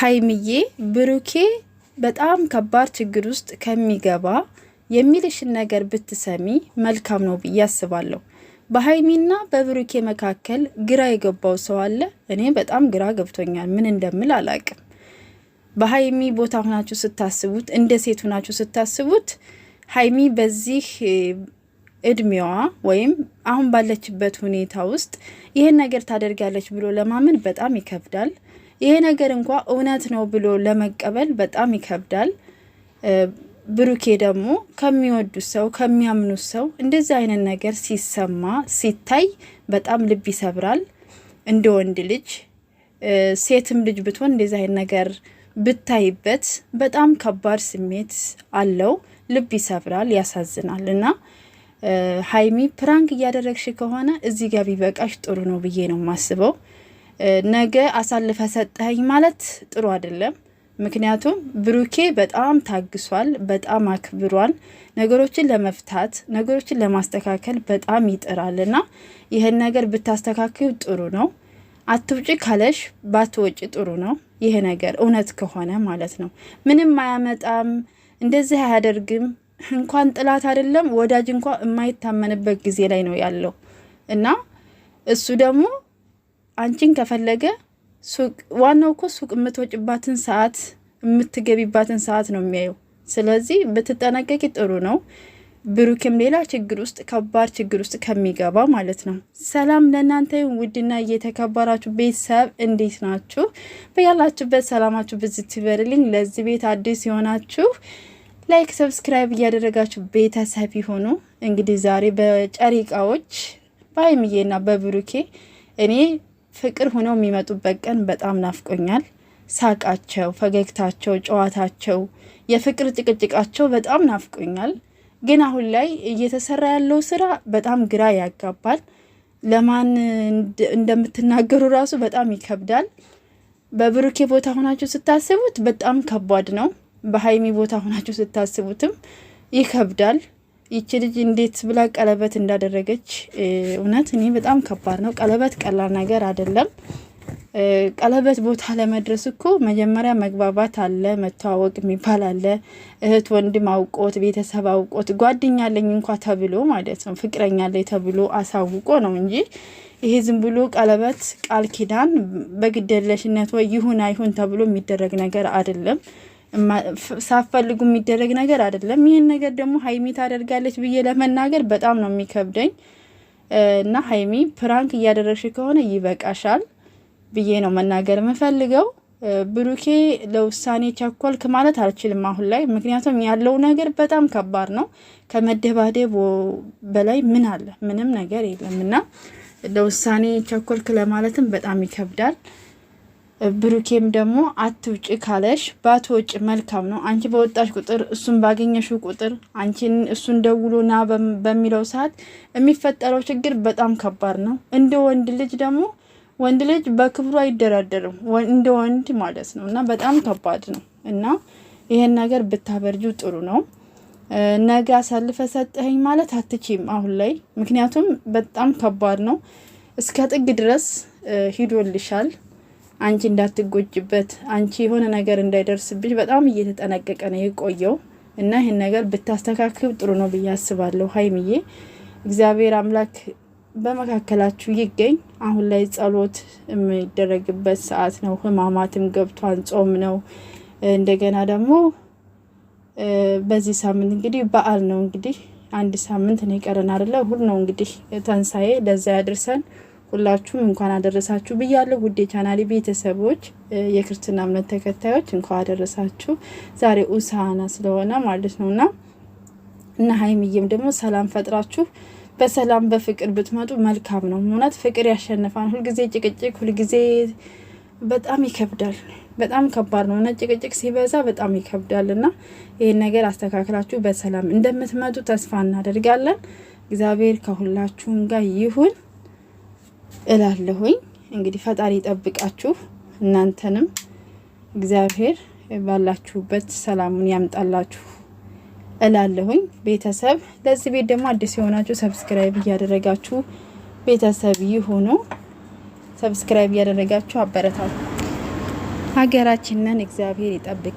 ሀይምዬ ብሩኬ በጣም ከባድ ችግር ውስጥ ከሚገባ የሚልሽን ነገር ብትሰሚ መልካም ነው ብዬ አስባለሁ። በሀይሚና በብሩኬ መካከል ግራ የገባው ሰው አለ። እኔ በጣም ግራ ገብቶኛል፣ ምን እንደምል አላቅም። በሀይሚ ቦታ ሁናችሁ ስታስቡት፣ እንደ ሴት ሁናችሁ ስታስቡት ሀይሚ በዚህ እድሜዋ ወይም አሁን ባለችበት ሁኔታ ውስጥ ይህን ነገር ታደርጋለች ብሎ ለማመን በጣም ይከብዳል። ይሄ ነገር እንኳ እውነት ነው ብሎ ለመቀበል በጣም ይከብዳል። ብሩኬ ደግሞ ከሚወዱት ሰው ከሚያምኑት ሰው እንደዚህ አይነት ነገር ሲሰማ ሲታይ በጣም ልብ ይሰብራል። እንደ ወንድ ልጅ ሴትም ልጅ ብትሆን እንደዚህ አይነት ነገር ብታይበት በጣም ከባድ ስሜት አለው። ልብ ይሰብራል፣ ያሳዝናል። እና ሀይሚ ፕራንክ እያደረግሽ ከሆነ እዚህ ጋር ቢበቃሽ ጥሩ ነው ብዬ ነው የማስበው። ነገ አሳልፈ ሰጠኸኝ ማለት ጥሩ አይደለም። ምክንያቱም ብሩኬ በጣም ታግሷል፣ በጣም አክብሯል። ነገሮችን ለመፍታት ነገሮችን ለማስተካከል በጣም ይጥራል እና ይህን ነገር ብታስተካክዩ ጥሩ ነው። አትውጭ ካለሽ ባትወጭ ጥሩ ነው። ይሄ ነገር እውነት ከሆነ ማለት ነው። ምንም አያመጣም፣ እንደዚህ አያደርግም። እንኳን ጥላት አይደለም ወዳጅ እንኳ የማይታመንበት ጊዜ ላይ ነው ያለው እና እሱ ደግሞ አንቺን ከፈለገ ሱቅ ዋናው እኮ ሱቅ የምትወጭባትን ሰዓት የምትገቢባትን ሰዓት ነው የሚያየው። ስለዚህ ብትጠነቀቂ ጥሩ ነው። ብሩክም ሌላ ችግር ውስጥ ከባድ ችግር ውስጥ ከሚገባ ማለት ነው። ሰላም ለእናንተ ውድና እየተከበራችሁ ቤተሰብ እንዴት ናችሁ? በያላችሁበት ሰላማችሁ ብዝት ይበርልኝ። ለዚህ ቤት አዲስ የሆናችሁ ላይክ፣ ሰብስክራይብ እያደረጋችሁ ቤተሰብ ይሆኑ። እንግዲህ ዛሬ በጨሪቃዎች በሀይሚዬና በብሩኬ እኔ ፍቅር ሆነው የሚመጡበት ቀን በጣም ናፍቆኛል። ሳቃቸው፣ ፈገግታቸው፣ ጨዋታቸው፣ የፍቅር ጭቅጭቃቸው በጣም ናፍቆኛል። ግን አሁን ላይ እየተሰራ ያለው ስራ በጣም ግራ ያጋባል። ለማን እንደምትናገሩ ራሱ በጣም ይከብዳል። በብሩኬ ቦታ ሆናችሁ ስታስቡት በጣም ከባድ ነው። በሀይሚ ቦታ ሆናችሁ ስታስቡትም ይከብዳል። ይቺ ልጅ እንዴት ብላ ቀለበት እንዳደረገች እውነት እኔ በጣም ከባድ ነው። ቀለበት ቀላል ነገር አይደለም። ቀለበት ቦታ ለመድረስ እኮ መጀመሪያ መግባባት አለ፣ መተዋወቅ የሚባል አለ። እህት ወንድም አውቆት፣ ቤተሰብ አውቆት፣ ጓደኛ አለኝ እንኳ ተብሎ ማለት ነው ፍቅረኛ አለኝ ተብሎ አሳውቆ ነው እንጂ ይሄ ዝም ብሎ ቀለበት ቃል ኪዳን በግደለሽነት ወይ ይሁን አይሁን ተብሎ የሚደረግ ነገር አይደለም። ሳፈልጉ የሚደረግ ነገር አይደለም። ይህን ነገር ደግሞ ሀይሚ ታደርጋለች ብዬ ለመናገር በጣም ነው የሚከብደኝ እና ሀይሚ ፕራንክ እያደረግሽ ከሆነ ይበቃሻል ብዬ ነው መናገር የምፈልገው። ብሩኬ ለውሳኔ ቸኮልክ ማለት አልችልም አሁን ላይ ምክንያቱም ያለው ነገር በጣም ከባድ ነው። ከመደባደብ በላይ ምን አለ? ምንም ነገር የለም እና ለውሳኔ ቸኮልክ ለማለትም በጣም ይከብዳል። ብሩኬም ደግሞ አትውጭ ካለሽ ባትወጭ መልካም ነው። አንቺ በወጣሽ ቁጥር እሱን ባገኘሽ ቁጥር አንቺን እሱን ደውሎ ና በሚለው ሰዓት የሚፈጠረው ችግር በጣም ከባድ ነው። እንደ ወንድ ልጅ ደግሞ ወንድ ልጅ በክብሩ አይደራደርም፣ እንደ ወንድ ማለት ነው እና በጣም ከባድ ነው እና ይሄን ነገር ብታበርጁ ጥሩ ነው። ነገ አሳልፈ ሰጠኸኝ ማለት አትችም አሁን ላይ ምክንያቱም በጣም ከባድ ነው። እስከ ጥግ ድረስ ሂዶልሻል። አንቺ እንዳትጎጅበት፣ አንቺ የሆነ ነገር እንዳይደርስብሽ በጣም እየተጠነቀቀ ነው የቆየው እና ይህን ነገር ብታስተካክብ ጥሩ ነው ብዬ አስባለሁ። ሀይሚዬ እግዚአብሔር አምላክ በመካከላችሁ ይገኝ። አሁን ላይ ጸሎት የሚደረግበት ሰዓት ነው። ህማማትም ገብቷን ጾም ነው። እንደገና ደግሞ በዚህ ሳምንት እንግዲህ በዓል ነው። እንግዲህ አንድ ሳምንት ነው ይቀረን አደለ? እሁድ ነው እንግዲህ ትንሳኤ። ለዛ ያድርሰን። ሁላችሁም እንኳን አደረሳችሁ ብያለሁ። ውድ የቻናሌ ቤተሰቦች፣ የክርስትና እምነት ተከታዮች እንኳን አደረሳችሁ። ዛሬ ኡሳና ስለሆነ ማለት ነውና እና ሀይሚዬም ደግሞ ሰላም ፈጥራችሁ በሰላም በፍቅር ብትመጡ መልካም ነው። እውነት ፍቅር ያሸንፋል። ሁልጊዜ ጭቅጭቅ፣ ሁልጊዜ በጣም ይከብዳል። በጣም ከባድ ነው። እውነት ጭቅጭቅ ሲበዛ በጣም ይከብዳል እና ይህን ነገር አስተካክላችሁ በሰላም እንደምትመጡ ተስፋ እናደርጋለን። እግዚአብሔር ከሁላችሁም ጋር ይሁን። እላለሁኝ። እንግዲህ ፈጣሪ ይጠብቃችሁ እናንተንም እግዚአብሔር ባላችሁበት ሰላሙን ያምጣላችሁ እላለሁኝ። ቤተሰብ ለዚህ ቤት ደግሞ አዲስ የሆናችሁ ሰብስክራይብ እያደረጋችሁ ቤተሰብ ይሁኑ። ሰብስክራይብ እያደረጋችሁ አበረታቱ። ሀገራችንን እግዚአብሔር ይጠብቅ።